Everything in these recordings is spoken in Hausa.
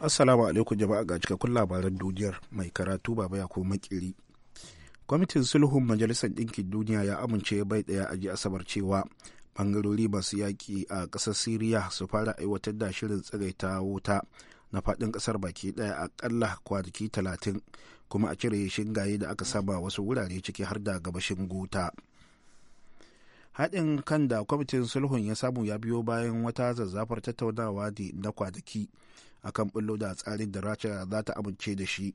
Assalamu alaikum jama'a ga cikakkun labaran duniyar mai karatu baba ya kuma makiri. Kwamitin sulhun Majalisar Ɗinkin Duniya ya amince bai ɗaya a ji Asabar cewa bangarori masu yaƙi a ƙasar Siriya su fara aiwatar da shirin tsagaita wuta na faɗin ƙasar baki ɗaya a ƙalla kwanaki talatin kuma a cire shingaye da aka saba wasu wurare ciki har da gabashin guta. haɗin kan da kwamitin sulhun ya samu ya biyo bayan wata zazzafar tattaunawa da na kwanaki akan bullo da tsarin da rasha za ta amince da shi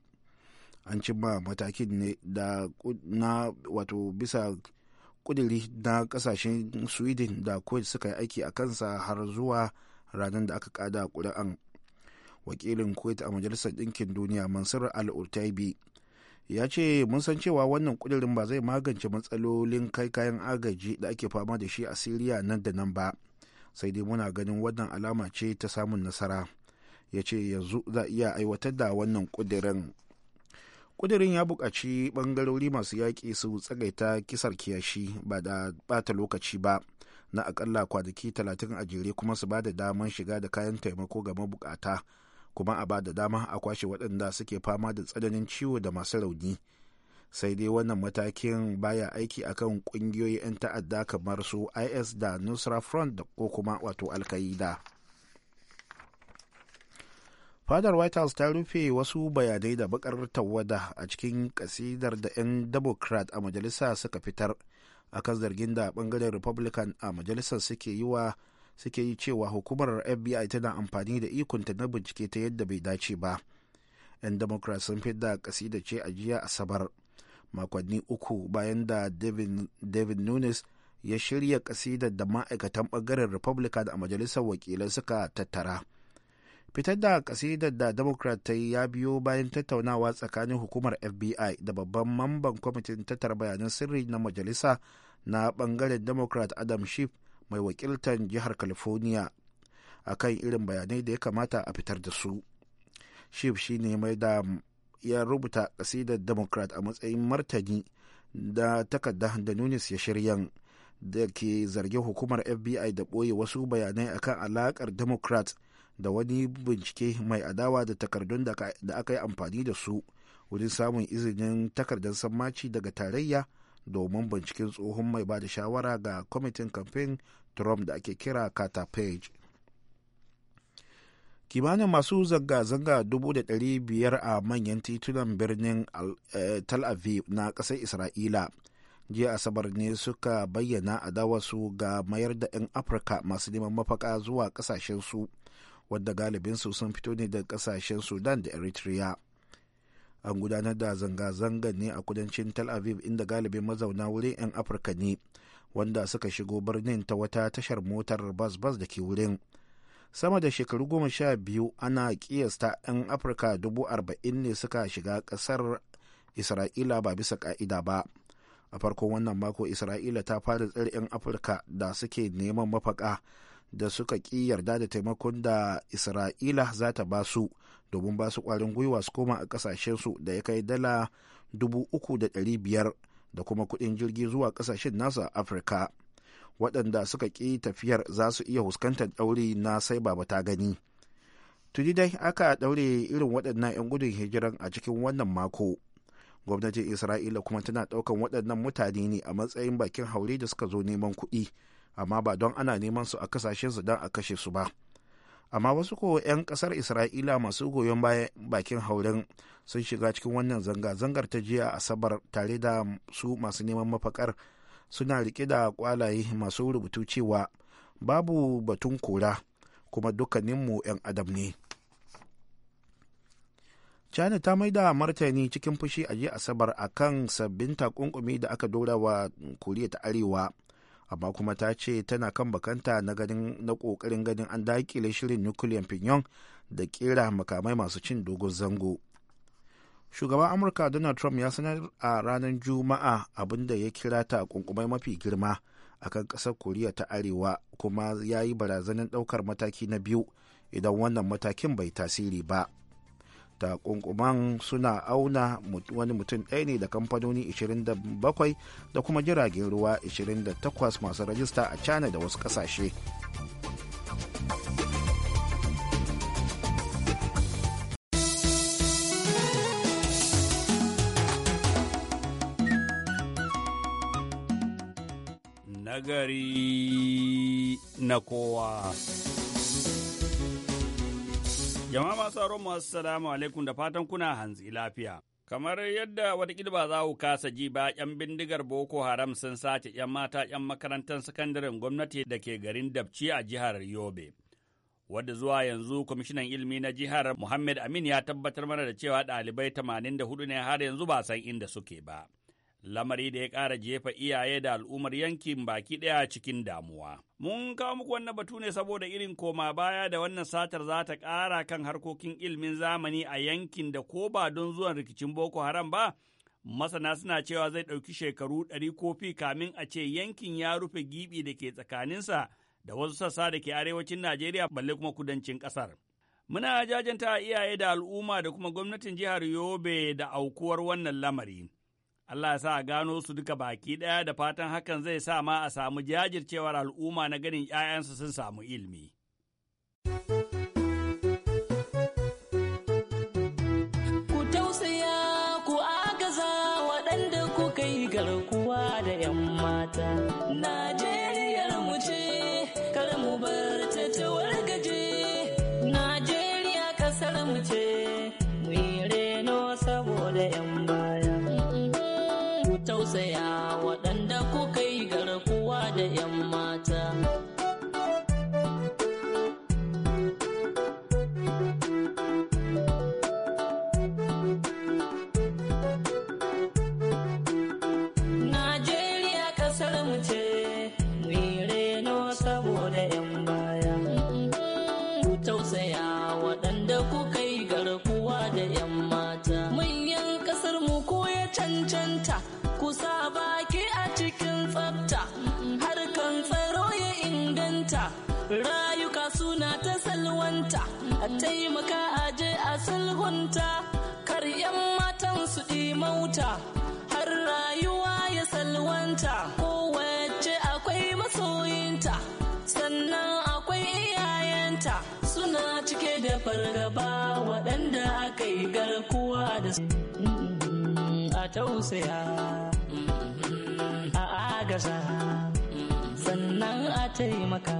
an cimma matakin ne da na wato bisa kuduri na kasashen sweden da kuwait suka yi aiki a kansa har zuwa ranar da aka kada kuri'an wakilin kuwait a majalisar ɗinkin duniya mansur al ya ce mun san cewa wannan kudirin ba zai magance matsalolin kai kayan agaji da ake fama da shi a siriya nan da nan ba sai dai muna ganin wannan alama ce ta samun nasara ya ce yanzu za iya aiwatar da wannan ƙudirin ƙudirin ya buƙaci ɓangarori masu yaƙi su tsagaita kisar kiyashi ba da bata lokaci ba na akalla kwanaki talatin a jere kuma su ba da damar shiga da kayan taimako ga mabukata kuma a ba da dama a kwashe waɗanda suke fama da tsananin ciwo da masu rauni sai dai wannan matakin baya aiki akan ƙungiyoyi 'yan ta'adda kamar su is da nusra front ko kuma wato alkaida. fadar white house ta rufe wasu bayanai da bakar tawada a cikin kasidar da 'yan democrat a majalisa suka fitar a kan zargin da bangaren republican a majalisar suke yi wa suke yi cewa hukumar fbi tana amfani da ikonta na bincike ta yadda bai dace ba 'yan democrat sun fi da kasidar ce a jiya asabar makonni uku bayan da david nunes ya shirya kasidar da ma'aikatan bangaren republican a majalisar wakilai suka tattara fitar da kasidar da democrat ta yi ya biyo bayan tattaunawa tsakanin hukumar fbi da babban mamban kwamitin tattar bayanan sirri na majalisa na bangaren democrat adam schiff mai wakiltar jihar california a kan irin bayanai da ya kamata a fitar da su schiff shi ne mai da ya rubuta kasidar democrat a matsayin martani da takarda da nunis ya shirya da ke zargin hukumar fbi da ɓoye wasu bayanai akan alakar democrat da wani bincike mai adawa da takardun da aka yi amfani da su wurin samun izinin takardar sammaci daga tarayya domin binciken tsohon mai ba da shawara ga kwamitin kamfen trump da ake kira carter page kimanin masu zanga-zanga 500,000 a manyan titunan birnin eh, tel aviv na ƙasar isra'ila jiya asabar ne suka bayyana adawarsu ga mayar da 'yan afirka masu neman mafaka zuwa ƙasashensu su wadda galibinsu sun fito ne daga kasashen sudan da eritrea an gudanar da zanga zanga ne a kudancin tel aviv inda galibin mazauna wurin 'yan afirka ne wanda suka shigo birnin ta wata tashar motar bas-bas da ke wurin sama da shekaru goma sha biyu ana kiyasta 'yan afirka dubu arba'in ne suka shiga kasar isra'ila ba bisa ka'ida ba a farkon wannan mako isra'ila ta fara tsar 'yan afirka da suke neman mafaka da suka ƙi yarda da taimakon da isra'ila za ta ba su domin ba su ƙwarin gwiwa su koma a ƙasashensu da ya kai dala dubu da biyar da kuma kuɗin jirgi zuwa ƙasashen nasa afirka waɗanda suka ƙi tafiyar za su iya huskantar ɗauri na sai ba ta gani tuni dai aka ɗaure irin waɗannan 'yan gudun hijiran a cikin wannan mako gwamnatin isra'ila kuma tana ɗaukan waɗannan mutane ne a matsayin bakin haure da suka zo neman kuɗi amma ba don ana neman su a kasashen su don a kashe su ba amma wasu ko 'yan kasar isra'ila masu goyon bayan bakin hauren sun shiga cikin wannan zanga-zangar ta jiya asabar tare da su masu neman mafakar suna rike da kwalaye masu rubutu cewa babu batun kora kuma dukkaninmu 'yan adam ne china ta maida martani cikin fushi a jiya asabar a kan sabbin takunkumi da aka dora wa koriya ta arewa amma kuma ta ce tana kan bakanta na ganin na kokarin ganin an dakile shirin nukiliyan pinyon da kera makamai masu cin dogon zango shugaban amurka donald trump ya sanar a ranar juma'a abin da ya kira ta kunkumai mafi girma a kan ƙasar koriya ta arewa kuma ya yi barazanin ɗaukar mataki na biyu idan wannan matakin bai tasiri ba. da suna auna wani mutum ɗaya ne da kamfanoni 27 da kuma jiragen ruwa 28 masu rajista a china da wasu ƙasashe. nagari na kowa. Jama'a masu aron masu salamu alaikum da fatan kuna hanzi lafiya. Kamar yadda wata ba za ku kasa ji ba, ‘yan bindigar Boko Haram sun sace ‘yan mata ‘yan makarantar sakandaren gwamnati da ke garin Dabci a jihar Yobe. Wadda zuwa yanzu kwamishinan ilimi na jihar Muhammad Amin ya tabbatar mana da cewa ɗalibai 84 ne har yanzu ba san inda suke ba. lamari da ya ƙara jefa iyaye da al'ummar yankin baki ɗaya cikin damuwa. Mun kawo muku wannan batu ne saboda irin koma baya da wannan satar za ta ƙara kan harkokin ilmin zamani a yankin da ko ba don zuwan rikicin Boko Haram ba, masana suna cewa zai ɗauki shekaru ɗari kofi kamin a ce yankin ya rufe gibi da ke tsakaninsa da wasu sassa da ke arewacin Najeriya balle kuma kudancin ƙasar. Muna jajanta iyaye da al'umma da kuma gwamnatin jihar Yobe da aukuwar wannan lamari. Allah ya sa a gano su duka baki ɗaya da fatan hakan zai sa ma a samu jajircewar al'umma na ganin 'ya'yansu sun samu ilimi. Ku tausaya ku agaza waɗanda ku kai garkuwa da 'yan mata. Najeriyar mu ce, kar mu bar ta ta wargaje. mu ce, mu reno saboda 'yan cike da fargaba waɗanda aka yi garkuwa da mm-hmm. a tausaya mm-hmm. a agasa mm-hmm. sannan a taimaka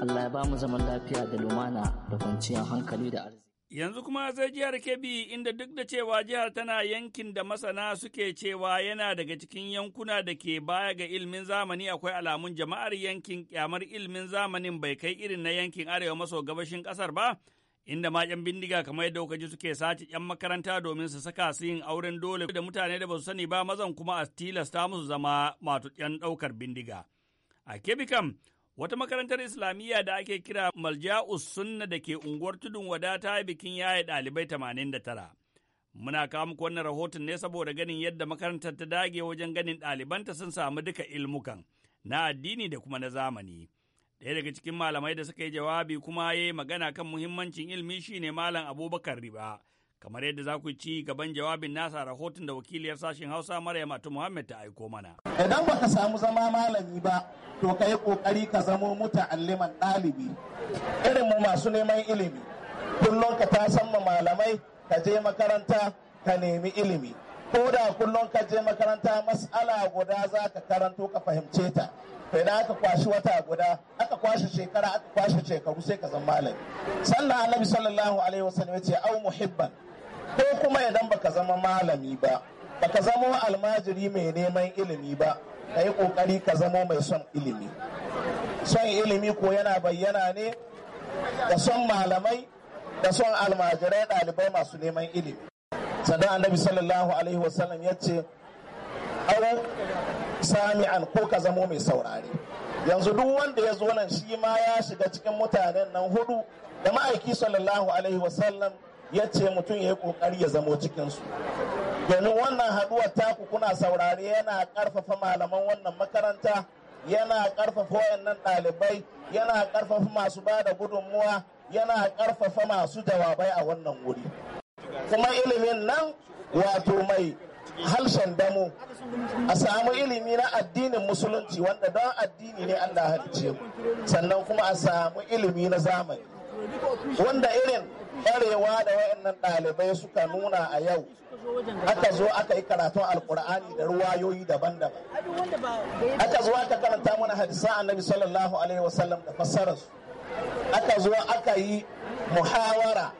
Allah ya ba mu zaman lafiya da lumana da kwanciyar hankali da arziki Yanzu kuma sai jihar Kebbi inda duk da cewa jihar tana yankin da masana suke cewa yana daga cikin yankuna da ke baya ga ilimin zamani akwai alamun jama'ar yankin kyamar ilimin zamanin bai kai irin na yankin arewa maso gabashin kasar ba, inda ma ‘yan bindiga kamar yadda kuka ji suke sace ‘yan makaranta domin su saka su yin auren dole da mutane da ba su sani ba mazan kuma a tilasta musu zama matu ‘yan ɗaukar bindiga. A Kebbi kam, Wata makarantar Islamiyya da ake kira Malja'us Sunna da ke unguwar tudun wadata bikin yaye ɗalibai 89. Muna kawo muku wannan rahoton ne saboda ganin yadda makarantar ta dage wajen ganin ɗalibanta sun samu duka ilmukan na addini da kuma na zamani. Ɗaya daga cikin malamai da suka yi jawabi kuma ya yi magana kan muhimmancin ilimi shine Malam Abubakar Riba. kamar yadda za ku ci gaban jawabin nasa rahoton da wakiliyar sashen hausa maryam atu muhammad ta aiko mana idan baka samu zama malami ba to ka yi kokari ka zamo muta'alliman ɗalibi irin mu masu neman ilimi kullum ka ta san malamai ka je makaranta ka nemi ilimi ko da kullum ka je makaranta mas'ala guda za ka karanto ka fahimce ta idan aka kwashi wata guda aka kwashe shekara aka kwashe shekaru sai ka zama malami annabi sallallahu alaihi wasallam ya ce au muhibban ko kuma idan baka zama malami ba baka zama almajiri mai neman ilimi ba ka yi kokari ka zama mai son ilimi son ilimi ko yana bayyana ne da son malamai da son almajirai ɗalibai masu neman ilimi sannan annabi sallallahu alaihi wasallam ya ce au sami'an ko ka zamo mai saurare yanzu duk wanda ya zo nan shi ma ya shiga cikin mutanen nan hudu da ma'aiki sallallahu alaihi wasallam ya ce mutum ya yi ƙoƙari ya zamo cikinsu domin wannan haɗuwa taku kuna saurare yana ƙarfafa malaman wannan makaranta yana ƙarfafa wayannan ɗalibai yana ƙarfafa masu ba da gudunmuwa yana karfafa masu jawabai a wannan wuri kuma ilimin nan wato mai harshen damu a samu ilimi na addinin musulunci wanda don addini ne allah halice mu sannan kuma a samu ilimi na zamani wanda irin ƙwarewa da wayannan ɗalibai suka nuna a yau aka zo aka yi karatun alkur'ani da ruwayoyi daban-daban aka zo aka karanta mana hadisan annabi sallallahu alaihi wasallam da fassararsu aka zo aka yi muhawara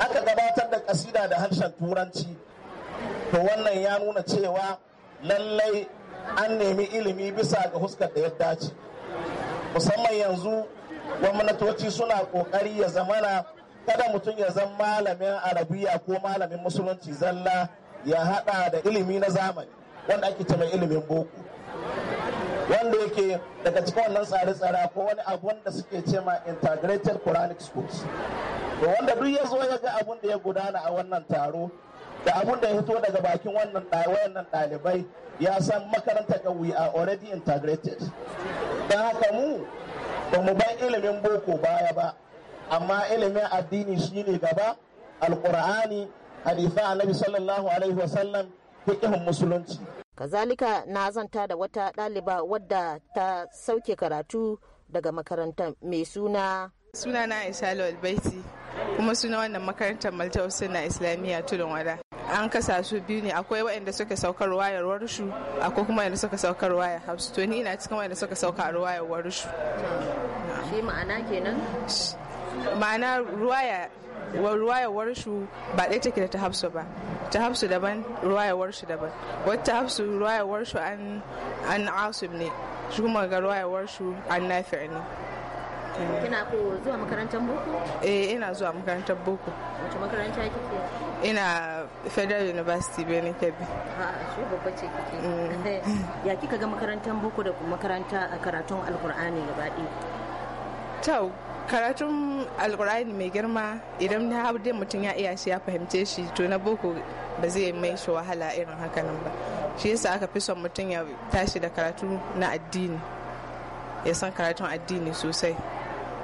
aka gabatar da kasida da harshen turanci to wannan ya nuna cewa lallai an nemi ilimi bisa ga huskar da ya dace musamman yanzu gwamnatoci suna kokari ya zamana kada mutum ya zama malamin arabiya ko malamin musulunci zalla ya hada da ilimi na zamani wanda ake ce mai ilimin boko wanda yake daga cikin wannan tsare-tsare ko wani abun da suke ce integrated quranic schools to wanda duk ya zo ya ga abun da ya gudana a wannan taro da abun da ya fito daga bakin wannan wayannan ɗalibai ya san makarantar da we are already integrated don haka mu ba mu bai ilimin boko baya ba amma ilimin addini shine gaba alqur'ani hadisa annabi sallallahu alaihi wasallam fiqhin musulunci kazalika na zanta da wata ɗaliba wadda ta sauke karatu daga makaranta mai suna suna na aisha albaiti kuma suna wannan makarantar malta na islamiyya tudun wada an kasa su biyu ne akwai waɗanda suka saukar wayar warushu akwai kuma waɗanda suka saukar wayar hausu to ni ina cikin waɗanda suka saukar wayar warushu shi ma'ana kenan ma'ana ruwaya ruwayawar shu ba ɗaya take da ta hafsu ba ta hafsu daban ruwayawar shu daban wata hafsu ruwayawar shu an an asub ne shi kuma ga ruwayawar shu an nafi' ne kina ko zuwa makarantar boko eh ina zuwa makarantar boko wace makaranta kike ina federal university benin kebbi ah, shi babba ce kike mm. ya kika ga makarantar boko da makaranta a karatun alkur'ani gaba Tau, karatun alkur'ani mai girma idan na dai mutum ya iya shi ya fahimce shi to na boko ba zai mai shi wahala irin hakanan ba shi yasa aka fi son mutum ya tashi da karatu na addini ya san karatun addini sosai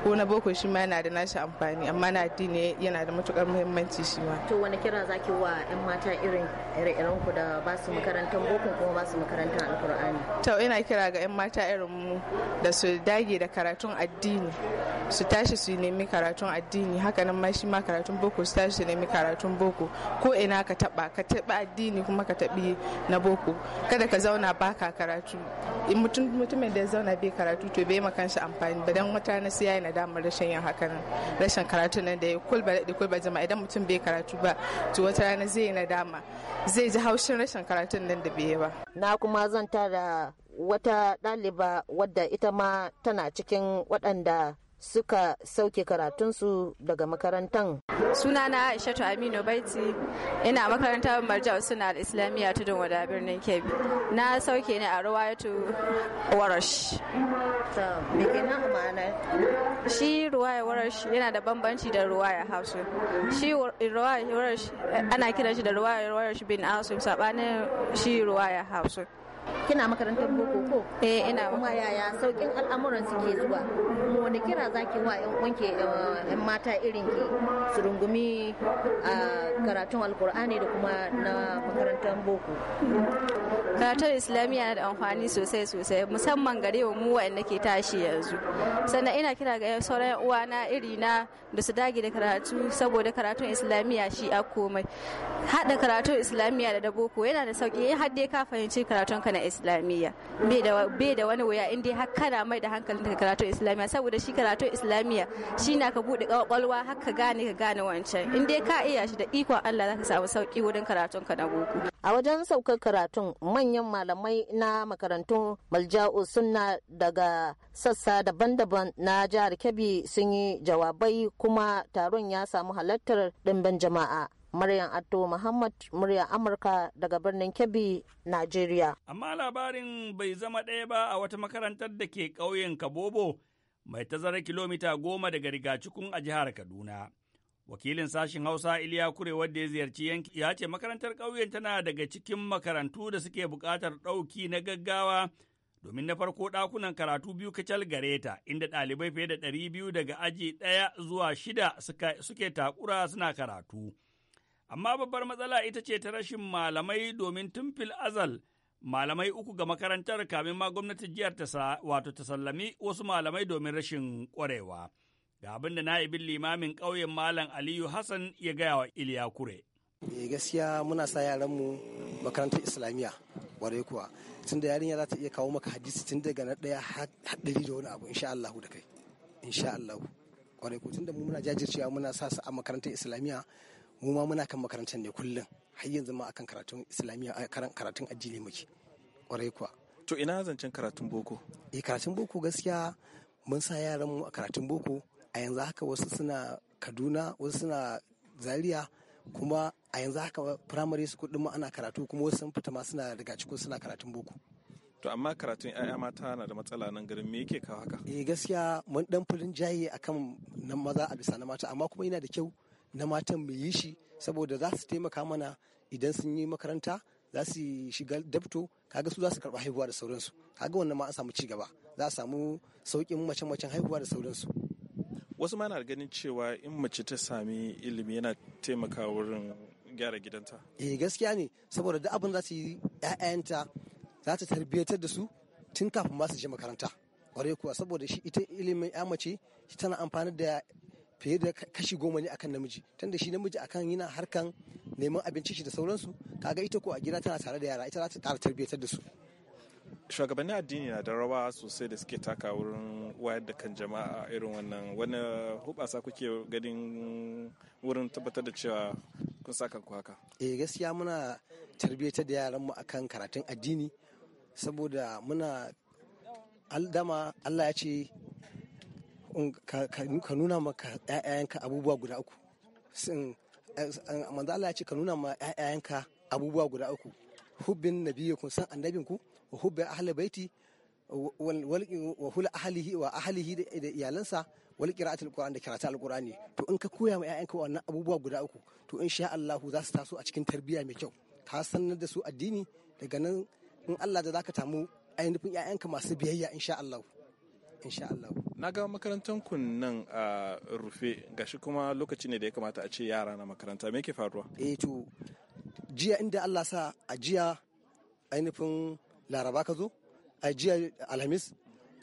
ko na boko shi ma yana da nashi amfani amma na addini yana da matukar muhimmanci shi ma to wani kira zaki wa yan mata irin ire-iren ku da ba su makarantar boko kuma ba su makarantar alkur'ani to ina kira ga yan mata irin mu da su dage da karatun addini su tashi su nemi karatun addini haka nan ma shi ma karatun boko su tashi su nemi karatun boko ko ina ka taba ka taba addini kuma ka tabi na boko kada ka zauna baka karatu mutumin da ya zauna bai karatu to bai makansa amfani ba dan wata na sai yana damar rashin yin hakan rashin karatu nan da ya kulba da kulba jama'a idan mutum bai karatu ba to wata rana zai na dama zai ji haushin rashin karatun nan da bai yi ba na kuma zan tara wata ɗaliba wadda ita ma tana cikin waɗanda suka sauke karatunsu daga makarantan. Sunana Aishatu Aminu Baiti ina makarantar Marja Suna Islamiyya tudun wada birnin Kebbi. Na sauke ne a Ruwayatu Warash. Shi Ruwaya Warash yana da bambanci da Ruwaya Hausa. Shi Ruwaya Warash ana kiran shi da Ruwaya Warash bin Asim sabanin shi Ruwaya Hausa. kina makarantar boko ko eh ina kuma yaya saukin al'amuran suke zuwa wani kira zaki wa yan wanke eh, yan mata irin ki su rungumi a ah, karatun alkur'ani da kuma na makarantar boko karatun islamiyya na da amfani sosai sosai musamman gare wa mu wa'anda ke tashi yanzu sannan ina kira ga sauran uwa na iri na da su dage da karatu saboda karatun islamiyya shi a komai hada karatun islamiyya da boko yana da sauki har dai ka fahimci karatun ka kana islamiyya bai da wani wuya in dai har kana mai da hankali ka karatu islamiyya saboda shi karatu islamiyya shi na ka bude kwakwalwa har ka gane ka gane wancan in dai ka iya shi da ikon Allah za ka samu sauki wurin karatun ka na boko a wajen saukar karatun manyan malamai na makarantun malja'u sunna daga sassa daban-daban na jihar Kebbi sun yi jawabai kuma taron ya samu halartar dimbin jama'a Maryam Atto Muhammad murya Amurka daga birnin Kebbi, Najeriya. Amma labarin bai zama ɗaya ba a wata makarantar da ke ƙauyen Kabobo mai tazarar kilomita goma daga riga Rigacikun a jihar Kaduna. Wakilin sashen Hausa Iliya Kure wadda ya ziyarci yanki ya ce makarantar ƙauyen tana daga cikin makarantu da suke buƙatar ɗauki na gaggawa domin na farko ɗakunan karatu biyu kacal gare ta inda ɗalibai fiye da ɗari biyu daga aji ɗaya zuwa shida suke takura suna karatu. amma babbar matsala ita ce ta rashin malamai domin tun fil azal malamai uku ga makarantar kamin ma gwamnatin jihar ta wato ta sallami wasu malamai domin rashin ƙwarewa. Ga abin da ibin limamin ƙauyen Malam Aliyu Hassan ya gaya wa Iliya Kure. Eh, gaskiya muna sa yaranmu makarantar islamiyya ware kuwa tun da yarinya za ta iya kawo maka hadisi tun daga na ɗaya haɗari da wani abu insha Allahu da kai insha Allahu ware kuwa tun da mu muna jajircewa muna sa su a makarantar islamiyya mu ma muna kan makarantar ne kullum har yanzu ma akan karatun islamiyya karatun addini muke kwarai kuwa to ina zancen karatun boko eh karatun boko gaskiya mun sa yaran mu a karatun boko a yanzu haka wasu suna kaduna wasu suna zaria kuma a yanzu haka primary school din ma ana karatu kuma wasu sun fita ma suna daga cikin suna karatun boko to amma karatun 'ya'ya mata na da matsala nan garin me yake kawo haka eh gaskiya mun dan furin jaye akan nan maza a bisa na mata amma kuma yana da kyau na matan mu yi shi saboda za su taimaka mana idan sun yi makaranta za su shiga dabto kaga su za su karɓa haihuwa da sauransu kaga wannan ma an samu ci gaba za a samu sauƙin mace-macen haihuwa da sauransu wasu ma na ganin cewa in mace ta sami ilimi yana taimaka wurin gyara gidanta eh gaskiya ne saboda duk abin za su yi ƴaƴanta za ta tarbiyyatar da su tun kafin ma su je makaranta kwarai kuwa saboda shi ita ilimin ya mace tana amfani da fiye da kashi goma ne akan namiji tunda shi namiji akan yana harkan neman abinci shi da sauransu kaga ita ko a gida tana tare da yara ita za ta tara tarbiyyatar da su shugabannin addini na da rawa sosai da suke taka wurin wayar da kan jama'a irin wannan wani hubasa kuke ganin wurin tabbatar da cewa kun saka kanku haka eh gaskiya muna tarbiyyatar da yaran yaranmu akan karatun addini saboda muna dama Allah ya ce ka nuna maka ‘ya'yanka abubuwa guda uku eh, eh, manzo Allah ya ce ka nuna ma ‘ya'yanka abubuwa guda uku hubbin kun san annabinku wa hubbi ahli baiti wa hula ahalihi wa ahalihi da iyalansa wal qira'atul qur'an da karatu alqur'ani to in ka koya ma ƴaƴanka wannan abubuwa guda uku to sha Allah za su taso a cikin tarbiyya mai kyau ka sanar da su addini daga nan in Allah da zaka tamu ainihin ƴaƴanka masu biyayya sha Allah insha Allah na ga makarantar ku nan a rufe gashi kuma lokaci ne da ya kamata a ce yara na makaranta me ke faruwa eh to jiya inda Allah sa a jiya ainihin laraba ka zo a jiya alhamis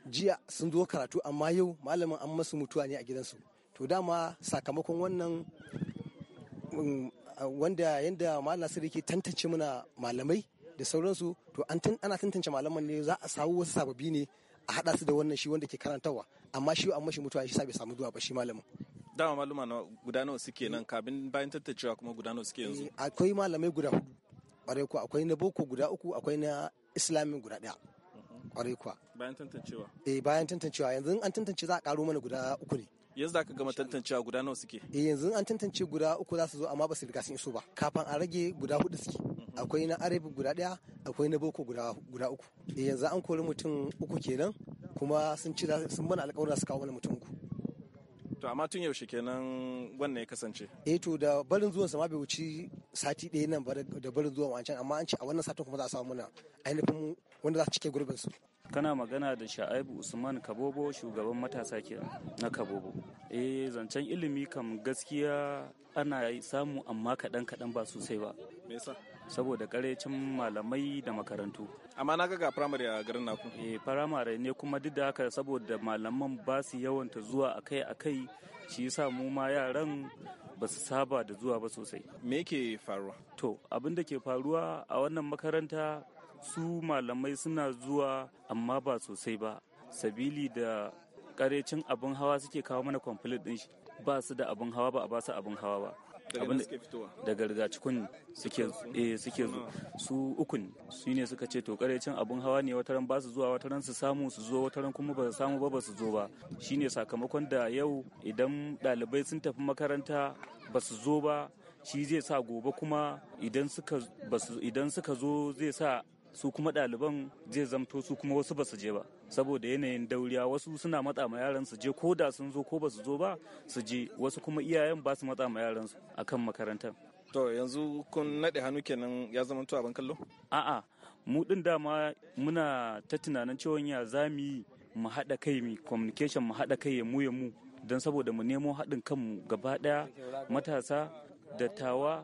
jiya sun zo karatu amma yau malamin an masu mutuwa ne a gidansu to dama sakamakon wannan mm, wanda yanda malam nasiru ke tantance mana malamai da sauransu to an ana tantance malaman ne za a samu wasu sababbi ne a haɗa su da wannan shi wanda ke karantarwa amma shi an mashi mutuwa shi sa bai samu zuwa ba shi malamin dama maluma na guda nawa suke nan Kabin bayan tattacewa kuma guda nawa suke yanzu eh, akwai malamai guda hudu kwarai kuwa akwai na boko guda uku akwai na islamin guda daya kwarai mhm. kuwa bayan tantancewa eh bayan tantancewa yanzu an tantance za a karo mana guda uku ne yanzu da aka gama tantancewa guda nawa suke eh yanzu an tantance guda uku za su zo amma ba su riga sun iso ba kafin a rage guda hudu suke akwai na arabi guda ɗaya akwai na boko guda uku eh, yanzu an kori mutum uku kenan kuma sun cira sun mana alkawarin su kawo mana mutum uku to amma tun yaushe kenan wannan ya kasance eh to da barin zuwan sa ma bai wuci sati ɗaya nan da barin zuwan wancan amma an ce a wannan satin kuma za a samu muna ainihin wanda za su cike gurbin su kana magana da sha'aibu usman kabobo shugaban matasa ke na kabobo eh zancen ilimi kam gaskiya ana samu amma kaɗan kaɗan ba sosai ba me yasa saboda karecin malamai da makarantu amma na ga primary a garin naku eh primary ne kuma duk da haka saboda malaman ba su yawanta zuwa akai akai shi yasa mu ma yaran ba su saba da zuwa ba sosai me yake faruwa to abin da ke faruwa a wannan makaranta su malamai suna zuwa amma ba sosai ba sabili da karecin abin hawa suke kawo mana complete din shi ba su da abin hawa ba a ba su abin hawa ba daga cikin suke zo eh, su ukun su ne suka ce to cin abun hawa ne wataran ba su zuwa wataran su samu su zo wataran kuma ba su samu ba ba su zo ba shine sakamakon da yau idan dalibai sun tafi makaranta ba su zo ba shi zai sa gobe kuma idan suka zo zai sa su kuma ɗaliban zai zamto su kuma wasu ba su je ba saboda yanayin dauriya wasu suna matsa ma yaran su je ko da sun zo ko ba su zo ba su je wasu kuma iyayen ba su matsa ma yaran su akan makarantar to yanzu kun naɗe hannu kenan ya zama to abin kallo a'a mu din dama muna ta tunanin cewa ya za mu yi kai mu communication mu haɗa kai mu ya mu don saboda mu nemo haɗin kanmu gaba daya matasa dattawa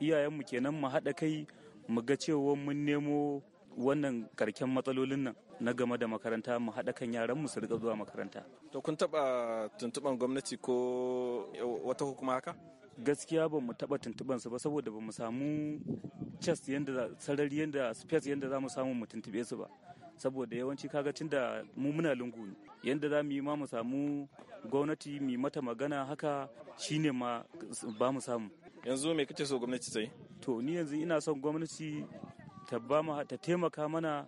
iyayenmu kenan mu haɗa kai mu ga cewa mun nemo wannan karken matsalolin nan na game da makaranta mu haɗa kan yaran mu su riga zuwa makaranta. To kun taɓa tuntuɓan gwamnati ko wata hukuma haka? Gaskiya ba mu taɓa tuntuɓan su ba saboda ba mu samu chest yanda sarari yanda space yanda za mu samu mu tuntuɓe su ba. Saboda yawanci kaga tun da mu muna lungu ne. Yanda za mu yi ma mu samu gwamnati mu mata magana haka shine ma ba mu samu. Yanzu me kace so gwamnati ta yi? To ni yanzu ina son gwamnati ta ba ta taimaka mana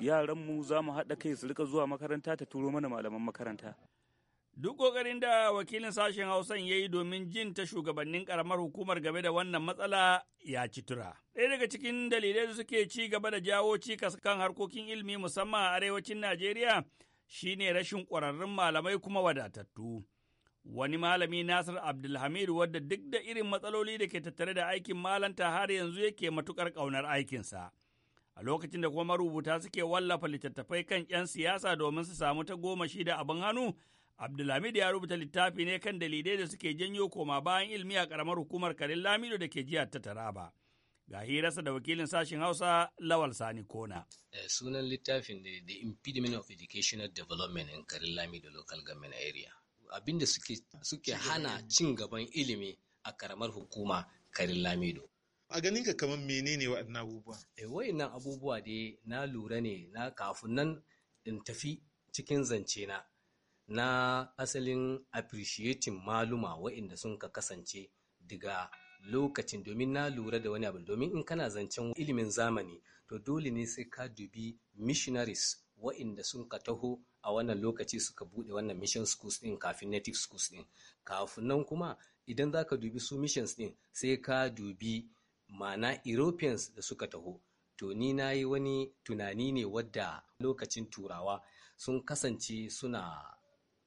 yaranmu za mu haɗa kai su rika zuwa makaranta ta turo mana malaman makaranta. Duk ƙoƙarin da wakilin sashen Hausa ya yi domin jin ta shugabannin ƙaramar hukumar game da wannan matsala ya ci tura. Ɗaya daga cikin dalilai da suke ci gaba da jawo cikas kan harkokin ilimi musamman a arewacin Najeriya shine rashin ƙwararrun malamai kuma wadatattu. Wani malami Nasir Abdulhamid wadda duk da irin matsaloli da ke tattare da aikin malanta har yanzu yake matuƙar ƙaunar aikinsa. a lokacin da kuma marubuta suke wallafa littattafai kan 'yan siyasa domin su samu ta goma shi da abin hannu, Abdulhamid ya rubuta littafi ne kan dalilai da suke janyo koma bayan ilmi a karamar hukumar Karin Lamido da ke jiya ta Taraba. Ga hirarsa da wakilin sashen Hausa Lawal Sani Kona. Eh, sunan littafin da The Impediment of Educational Development in Karin Lamido Local Government Area. Abinda suke hana cin gaban ilimi a karamar hukuma Karin Lamido. a ganin ka kamar menene waɗannan abubuwa eh wayannan abubuwa dai na lura ne na kafin nan in tafi cikin zance na na asalin appreciating maluma waɗanda sun ka kasance daga lokacin domin na lura da wani abu domin in kana zancen ilimin zamani to dole ne sai ka dubi missionaries waɗanda sun ka taho a wannan lokaci suka buɗe wannan mission schools ɗin kafin native schools din kafin nan kuma idan za ka dubi su missions din sai ka dubi ma'ana Europeans da suka taho. To ni na yi wani tunani ne wadda lokacin turawa sun kasance suna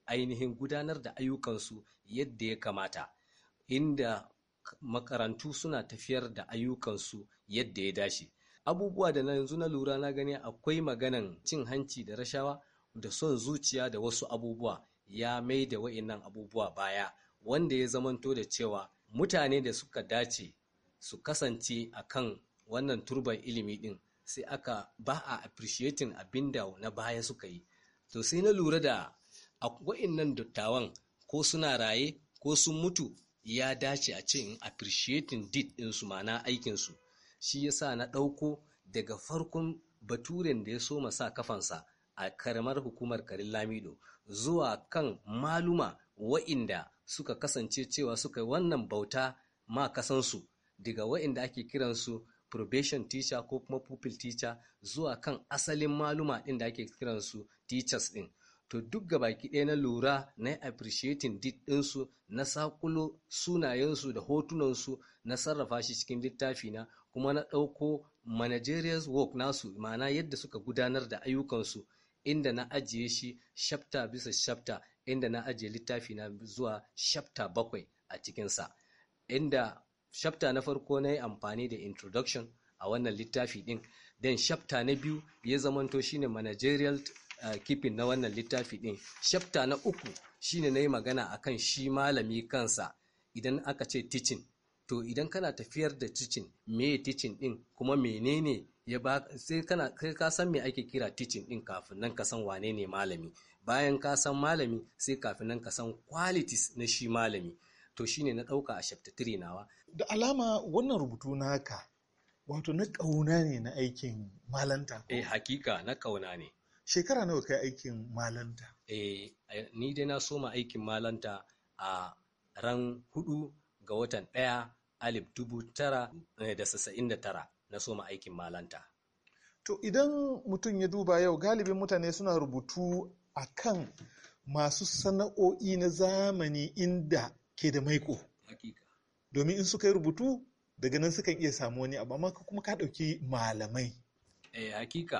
ainihin gudanar da ayyukansu yadda ya kamata, inda makarantu suna tafiyar da ayyukansu yadda ya dace. Abubuwa da na yanzu na lura na gani akwai maganan cin hanci da rashawa da son zuciya da wasu abubuwa ya mai da wa'innan abubuwa baya wanda ya zamanto da cewa mutane da suka dace su kasance a kan wannan turban ilimi ɗin sai aka ba a appreciating abin da na baya suka yi to sai na lura da a nan dattawan ko suna raye ko sun mutu ya dace a ce in appreciating deed ɗinsu ma'ana aikinsu shi ya sa na ɗauko daga farkon baturen da ya soma sa kafansa a karamar hukumar karin lamido zuwa kan maluma wa'inda suka kasance cewa suka yi wannan bauta ma kasansu daga waɗanda ake kiransu probation teacher ko kuma pupil teacher zuwa kan asalin maluma ɗin da ake kiransu teachers ɗin. To duk ga baki ɗaya na lura na appreciating did ɗinsu na saƙulo sunayensu da hotunansu na sarrafa shi cikin littafi na kuma na ɗauko managerial work nasu ma'ana yadda suka gudanar da ayyukansu inda na ajiye shi shafta bisa shafta inda na ajiye littafi na zuwa shafta bakwai a cikinsa inda shafta na farko na yi amfani da introduction a wannan littafi din then shafta na biyu ya zamanto shine managerial uh, keeping na wannan littafi din shafta na uku shine na yi magana akan shi malami kansa idan aka ce teaching to idan kana tafiyar da teaching me teaching din kuma menene ya ba sai kana kai ka san me ake kira teaching din kafin nan ka san wane ne malami bayan ka san malami sai kafin nan ka san qualities na shi malami to shine na ɗauka a shafta nawa da alama wannan rubutu naka wato na ƙauna ne na aikin malanta eh hakika na ƙauna ne shekara nawa kai aikin malanta eh, eh ni dai na soma aikin malanta a ran hudu ga watan ɗaya alif dubu tara eh, da sassa'in da tara na soma aikin malanta to idan mutum ya duba yau galibin mutane suna rubutu akan masu sana'o'i na zamani inda ke da maiko domin in suka yi rubutu daga nan sukan iya samu wani abu amma kuma ka ɗauki malamai eh hakika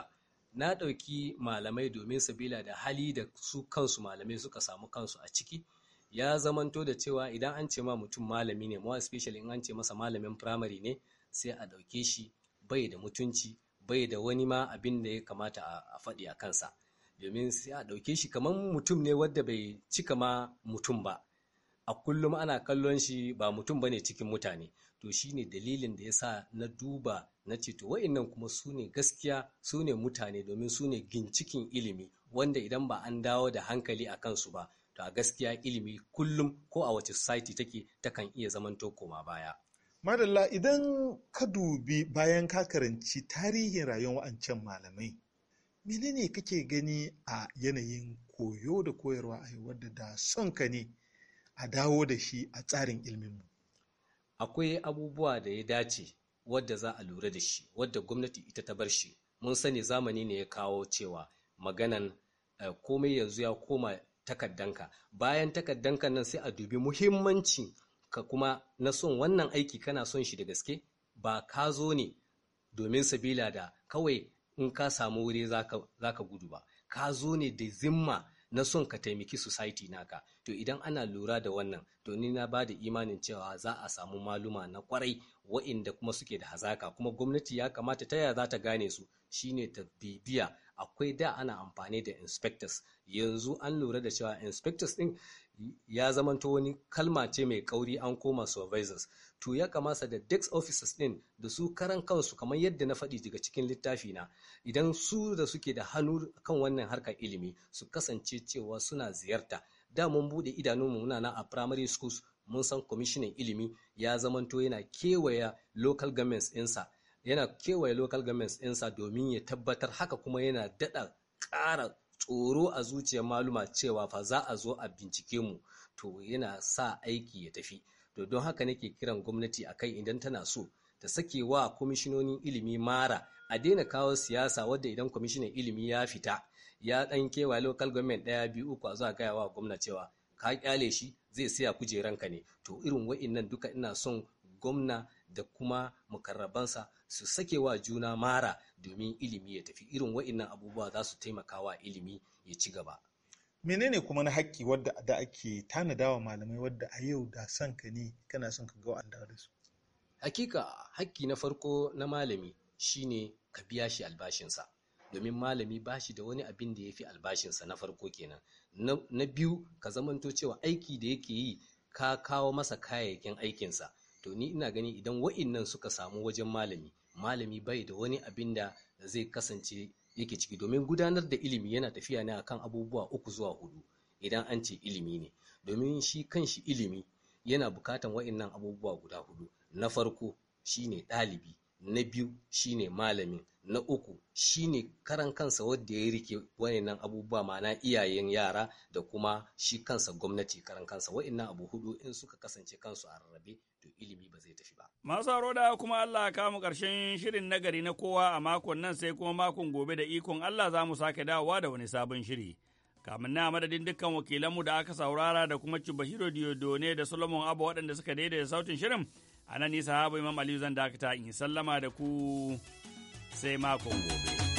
na ɗauki malamai domin sabila da hali da su kansu malamai suka samu kansu a ciki ya zamanto da cewa idan an ce ma mutum malami ne more especially in an ce masa malamin primary ne sai a ɗauke shi bai da mutunci bai da wani ma abin da ya kamata a faɗi a kansa domin sai a ɗauke shi kamar mutum ne wadda bai cika ma mutum ba a kullum ana kallon shi ba mutum bane cikin mutane to shine dalilin da ya sa na duba na ce to wa'annan kuma su ne gaskiya su ne mutane domin su ne gincikin ilimi wanda idan ba an dawo da hankali a kansu ba to a gaskiya ilimi kullum ko a wace society take takan iya zamanto koma baya madalla idan ka dubi bayan ka karanci tarihin rayuwar wa'ancan malamai menene kake gani a yanayin koyo da koyarwa a wadda da son ka ne a dawo da shi a tsarin ilminmu. Akwai abubuwa da ya dace wadda za a lura da shi, wadda gwamnati ita ta bar shi. Mun sani zamani ne ya kawo cewa maganan eh, komai yanzu ya koma takaddanka. Bayan takaddanka nan sai a dubi muhimmanci ka kuma na son wannan aiki kana son shi da gaske ba ka zo ne domin sabila da kawai in ka samu wuri za ka gudu ba. Ka zo ne da zimma na son ka taimaki society naka to idan ana lura da wannan to ni na ba da imanin cewa za a samu maluma na kwarai wa'inda kuma suke da hazaka kuma gwamnati ya kamata ta yaya za ta gane su shine ta bibiya akwai da ana amfani da inspectors yanzu an lura da cewa inspectors din ya zamanto wani kalma ce mai kauri an koma supervisors to ya kamata da dex officers din da su karan kansu kamar yadda na faɗi daga cikin littafi na idan su da suke da hannu kan wannan harkar ilimi su kasance cewa suna ziyarta da mun bude idanunmu muna na a primary schools mun san kwamishinan ilimi ya zamanto yana kewaya local governments ɗinsa yana kewaye local governments ɗinsa domin ya tabbatar haka kuma yana daɗa ƙara tsoro a zuciyar maluma cewa fa za a zo a bincike mu to yana sa aiki ya tafi to don haka nake kiran gwamnati a kai idan tana so ta sake wa kwamishinonin ilimi mara a daina kawo siyasa wadda idan kwamishinan ilimi ya fita ya ɗan kewaye local government ɗaya biyu uku a zuwa gaya wa gwamnati cewa ka kyale shi zai siya kujeranka ne to irin wa'innan duka ina son gwamna da kuma mukarrabansa su sake wa juna mara domin ilimi ya tafi irin wa'innan abubuwa za su taimaka wa ilimi ya ci gaba menene kuma na haƙƙi wadda da ake tanadawa malamai wadda a yau da son ka ne kana son ka ga wa'anda da su hakika haƙƙi na farko na malami shine ka biya shi albashinsa domin malami ba shi da wani abin da ya fi albashinsa na farko kenan na biyu ka zamanto cewa aiki da yake yi ka kawo masa kayayyakin aikinsa to ni ina gani idan wa'innan suka samu wajen malami malami bai da wani abin da zai kasance yake ciki domin gudanar da ilimi yana tafiya ne akan abubuwa uku zuwa hudu idan an ce ilimi ne domin shi kanshi ilimi yana bukatan wa'annan abubuwa guda hudu na farko shine ɗalibi na biyu shine malamin na uku shine karan kansa wadda ya rike wa'annan abubuwa mana iyayen yara da kuma shi kansa gwamnati karan kansa wa'annan abu hudu in suka kasance kansu a rarrabe to ilimi ba zai tafi ba. Masu haro kuma Allah ka mu ƙarshen shirin nagari na kowa a makon nan sai kuma makon gobe da ikon Allah za mu sake dawowa da wani sabon shiri. Kamin na madadin dukkan wakilanmu da aka saurara da kuma Cibahiro Diodone da Solomon Abba waɗanda suka daidaita sautin shirin a nan nisa habu Imam Aliyu zan dakata in yi sallama da ku sai makon gobe.